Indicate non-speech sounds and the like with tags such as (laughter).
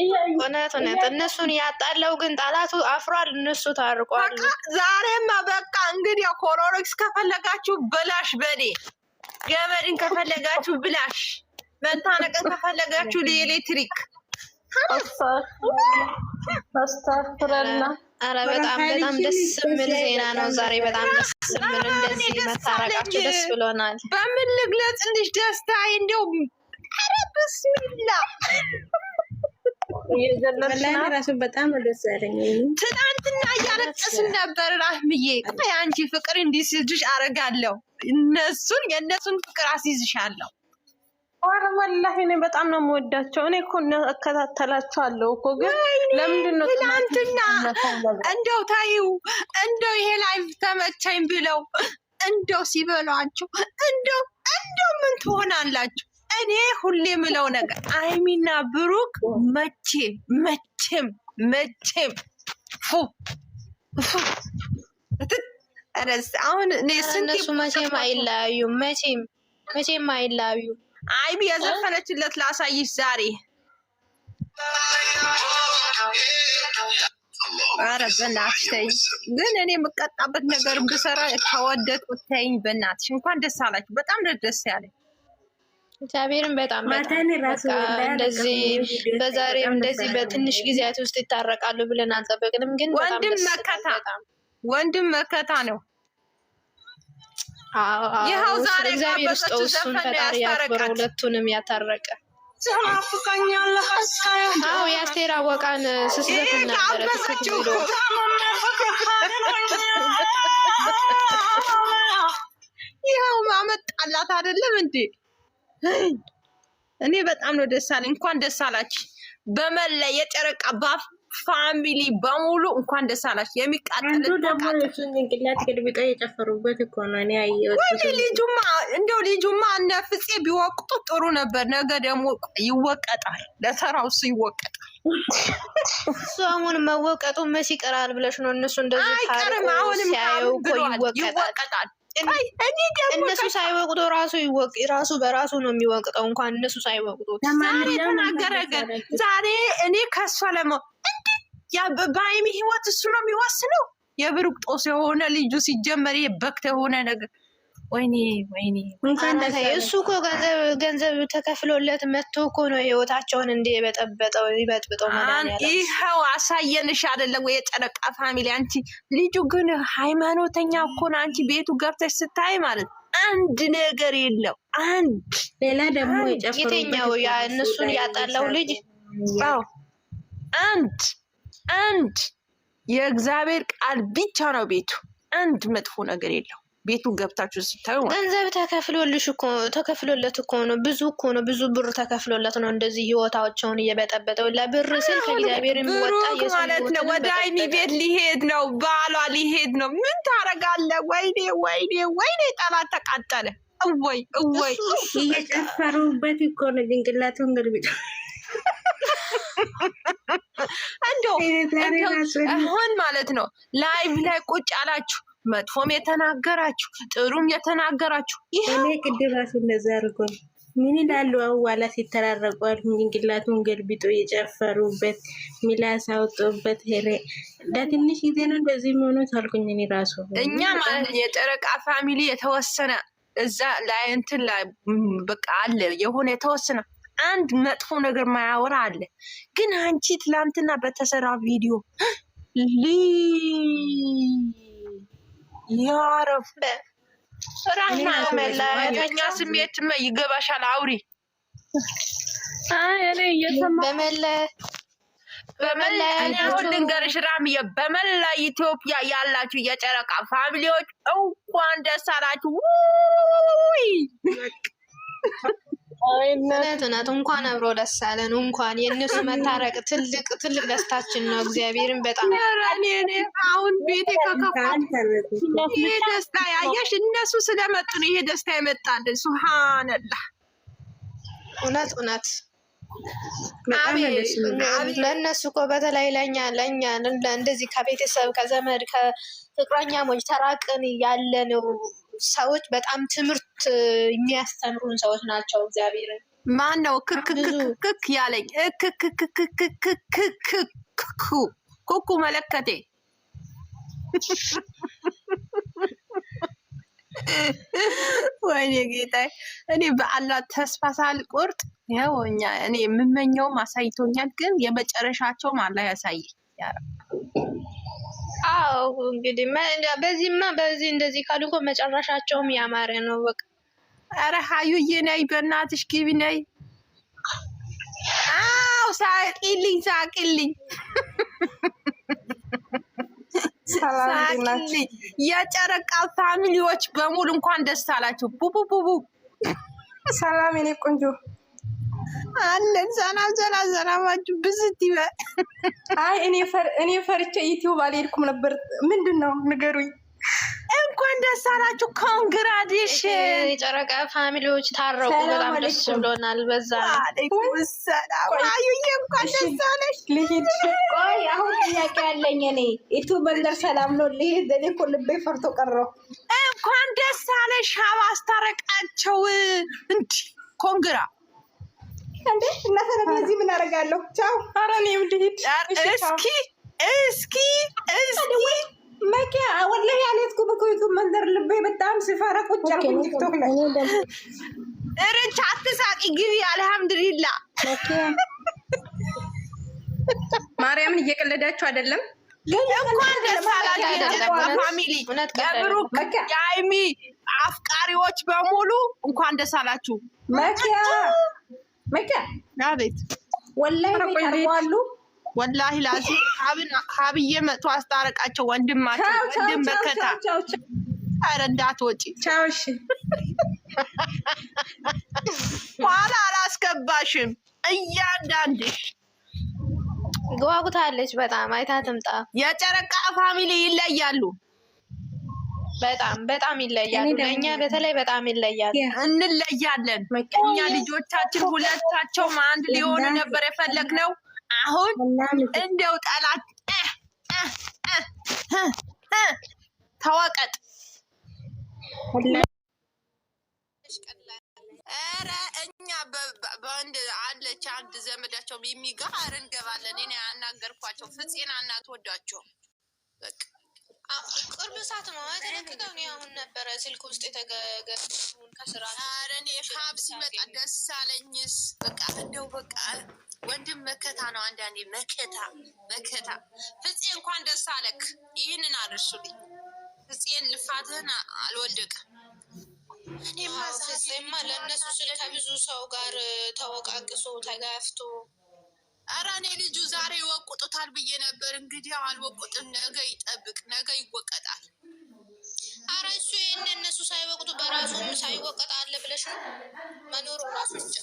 እውነት እውነት እነሱን ያጣለው ግን ጣላቱ አፍሯል። እነሱ ታርቋል። ዛሬማ በቃ እንግዲህ ኮሮሮክስ ከፈለጋችሁ ብላሽ፣ በኔ ገመድን ከፈለጋችሁ ብላሽ፣ መታነቅን ከፈለጋችሁ ለኤሌክትሪክ አረ በጣም በጣም ደስ የሚል ዜና ነው። ዛሬ በጣም ደስ የሚል እንደዚህ መታረቃችሁ ደስ ብሎናል። በምን ልግለጽ እንዲሽ ደስታ እንደው ኧረ በስሚላ ራሱን በጣም ደስ ያለኝ ትናንትና እያለቀስን ነበር። ራህምዬ ቆይ አንቺ ፍቅር እንዲስዝሽ አረጋለሁ። እነሱን የእነሱን ፍቅር አስይዝሻለሁ። ኧረ ወላሂ እኔ በጣም ነው የምወዳቸው። እኔ እኮ እከታተላቸዋለሁ እኮ ግን ለምንድን ነው ትናንትና እንደው ታይው እንደው ይሄ ላይፍ ተመቸኝ ብለው እንደው ሲበሏቸው እንደው እንደው ምን ትሆናላችሁ? እኔ ሁሌ የምለው ነገር አይሚና ብሩክ መቼ መቼም መቼም ፉ አሁን እነሱ መቼም አይለያዩም። መቼም መቼም አይለያዩም። አይሚ የዘፈነችለት ላሳይሽ ዛሬ አረ በእናትሽ ተይኝ። ግን እኔ የምቀጣበት ነገር ብሰራ ከወደድኩት ተይኝ። በናትሽ እንኳን ደስ አላችሁ። በጣም ደስ ያለኝ እግዚአብሔርን በጣም እንደዚህ በዛሬ እንደዚህ በትንሽ ጊዜያት ውስጥ ይታረቃሉ ብለን አልጠበቅንም። ግን ወንድም መከታ ወንድም መከታ ነው። ይኸው ዛሬ እግዚአብሔር ውስጥ እሱን ፈጣሪ ያክብረው፣ ሁለቱንም ያታረቀ አዎ የአስቴር አወቃን ስስት ነበረ ብሎ (laughs) ይኸው ማመጣላት አይደለም እንዴ? እኔ በጣም ነው ደስ አለኝ። እንኳን ደስ አላችሁ በመላ የጨረቃ ባፍ ፋሚሊ በሙሉ እንኳን ደስ አላችሁ። የሚቃጠል የጨፈሩበት እኮ ነው። ልጁማ እንደው ልጁማ እነ ፍፄ ቢወቅጡ ጥሩ ነበር። ነገ ደግሞ ይወቀጣል፣ ለተራው እሱ ይወቀጣል። እሱ አሁን መወቀጡ መች ይቀራል ብለሽ ነው? እነሱ እንደዚህ አይቀርም። አሁንም ይወቀጣል እነሱ ሳይወቅዶ ራሱ ይወቅ ራሱ በራሱ ነው የሚወቅጠው። እንኳን እነሱ ሳይወቅዶ ዛሬ ተናገረ። ግን ዛሬ እኔ ከሷ ለመ በሀይሚ ህይወት እሱ ነው የሚወስነው። የብሩቅ ጦስ የሆነ ልጁ ሲጀመር በክት የሆነ ነገር ወይኔ ወይኔ እሱ እኮ ገንዘብ ገንዘብ ተከፍሎለት መጥቶ እኮ ነው ህይወታቸውን እንደ የበጠበጠው ይበጥብጠው። ይኸው አሳየንሽ አይደለም ወይ የጨረቃ ፋሚሊ። አንቺ ልጁ ግን ሃይማኖተኛ እኮ ነው። አንቺ ቤቱ ገብተሽ ስታይ ማለት አንድ ነገር የለው። አንድ ሌላ ደግሞ የጨፈሩበት እነሱን ያጣለው ልጅ አንድ አንድ የእግዚአብሔር ቃል ብቻ ነው ቤቱ። አንድ መጥፎ ነገር የለው። ቤቱን ገብታችሁ ስታዩ ገንዘብ ተከፍሎልሽ እኮ ተከፍሎለት እኮ ነው። ብዙ እኮ ነው፣ ብዙ ብር ተከፍሎለት ነው እንደዚህ ህይወታቸውን እየበጠበጠው። ለብር ስል ከእግዚአብሔር የሚወጣ ማለት ነው። ወደ አይሚ ቤት ሊሄድ ነው፣ ባሏ ሊሄድ ነው። ምን ታረጋለ? ወይኔ ወይኔ ወይኔ! ጠላት ተቃጠለ። እወይ እወይ! እየጨፈሩበት እኮ ነው ጭንቅላቱን ግልብጫ እንደው አሁን ማለት ነው ላይቭ ላይ ቁጭ አላችሁ መጥፎም የተናገራችሁ ጥሩም የተናገራችሁ እኔ ቅድም ራሱ እንደዛ አድርጓል። ምን ይላሉ አዋላ ሲተራረቁ አሉ። ጭንቅላቱን ገልብጦ የጨፈሩበት ሚላስ አውጦበት ሄሬ ለትንሽ ጊዜ ነው እንደዚህ መሆኑ አልኩኝ። እኔ ራሱ እኛ ማለት የጨረቃ ፋሚሊ የተወሰነ እዛ ላይ እንትን ላይ በቃ አለ የሆነ የተወሰነ አንድ መጥፎ ነገር ማያወራ አለ። ግን አንቺ ትላንትና በተሰራ ቪዲዮ ሊ ያረፍ ራና ስሜት ይገባሻል። አውሪ በመለያየቱ ልንገርሽ ራምዬ፣ በመላ ኢትዮጵያ ያላችሁ የጨረቃ ፋሚሊዎች እንኳን ደስ አላችሁ። እውነት እንኳን አብሮ ደስ አለን። እንኳን የእነሱ መታረቅ ትልቅ ትልቅ ደስታችን ነው። እግዚአብሔርን በጣም አሁን ቤቴ ከከፋ ይሄ ደስታ ያየሽ እነሱ ስለመጡ ነው ይሄ ደስታ የመጣልን። ሱብሃነላ እውነት እውነት ለእነሱ እኮ በተለይ ለእኛ ለእኛ እንደዚህ ከቤተሰብ ከዘመድ ከፍቅረኛሞች ተራቅን ያለ ነው ሰዎች በጣም ትምህርት የሚያስተምሩን ሰዎች ናቸው። እግዚአብሔርን ማን ነው ክክክክክክ ያለኝ? ክክክክክክክክኩ ኩኩ መለከቴ ወይኔ ጌታ፣ እኔ በአላህ ተስፋ ሳልቆርጥ ያወኛ እኔ የምመኘውም አሳይቶኛል። ግን የመጨረሻቸውም አላህ ያሳይ። አዎ እንግዲህ በዚህማ በዚህ እንደዚህ ካሉ እኮ መጨረሻቸውም ያማረ ነው። በቃ ኧረ ሀዩዬ ነይ በእናትሽ ግቢ ነይ። አዎ ሳቂልኝ፣ ሳቂልኝ፣ ሳቂልኝ። የጨረቃ ፋሚሊዎች በሙሉ እንኳን ደስ አላችሁ። ቡቡቡቡ ሰላም የኔ ቆንጆ አለን ዘና ዘና ዘና ማችሁ ብዝት ይበል። አይ እኔ ፈርቼ ዩቲዩብ አልሄድኩም ነበር። ምንድን ነው ንገሩኝ። እንኳን ደስ አላችሁ። ኮንግራዴሽን የጨረቃ ፋሚሊዎች ታረቁ። በጣም ደስ ብሎናል። በዛ አዩዬ እንኳን ደስ አለሽ። ልሂድ። ቆይ አሁን ጥያቄ ያለኝ እኔ ኢቱ መንደር ሰላም ነው ልሂድ። እኔ እኮ ልቤ ፈርቶ ቀረው። እንኳን ደስ አለሽ። አባስታረቃቸው እንዲ ኮንግራ እንዴ እና ሰላም ምን አደርጋለሁ? ቻው። አረኔ እኔም እስኪ እስኪ እስኪ መኪያ ወላሂ አልሄድኩ በኮይቱ መንደር ልቤ በጣም ሲፈራ ቁጭ አልኩኝ። ቲክቶክ ላይ አትሳቂ፣ ግቢ አልሐምዱሊላ። ማርያምን እየቀለዳችሁ አይደለም እንኳን ደስ አላችሁ ፋሚሊ፣ የብሩክ የአይሚ አፍቃሪዎች በሙሉ እንኳን ደስ አላችሁ። መኪያ አቤት ወላሂ ይቀርባሉ። ወላሂ ላዚ ሀብዬ መጥቶ አስታረቃቸው። ወንድማቸው ወንድም በከታ ኧረ እንዳትወጪ ኋላ አላስገባሽም። እያንዳንድሽ ጓጉታለች በጣም አይታ ትምጣ። የጨረቃ ፋሚሊ ይለያሉ። በጣም በጣም ይለያሉ። እኛ በተለይ በጣም ይለያሉ፣ እንለያለን። እኛ ልጆቻችን ሁለታቸውም አንድ ሊሆኑ ነበር የፈለግነው። አሁን እንደው ጠላት ተወቀጥ ኧረ እኛ በአንድ አለች አንድ ዘመዳቸው የሚጋር እንገባለን። እኔ አናገርኳቸው። ፍፄን አናትወዳቸውም በቃ ቅርብ ሰዓት ነው የተለቀቀው። እኔ አሁን ነበረ ስልክ ውስጥ የተገገሩን ከስራ ረኔ ሀብ ሲመጣ ደስ አለኝስ። በቃ እንደው በቃ ወንድም መከታ ነው አንዳንዴ መከታ መከታ። ፍፄ እንኳን ደስ አለክ። ይህንን አደርሱልኝ። ፍፄን ልፋትህን አልወደቅ እኔማ ለእነሱ ስለ ከብዙ ሰው ጋር ተወቃቅሶ ተጋፍቶ አራኔ ልጁ ዛሬ ወቁጡታል ብዬ ነበር። እንግዲህ አልወቁጥም ነገ ይጠብቅ፣ ነገ ይወቀጣል። አረ እሱ ይህን እነሱ ሳይወቅጡ በራሱ ሳይወቀጥ አለ ብለሽ ነው መኖሩ ራሱ ብቻ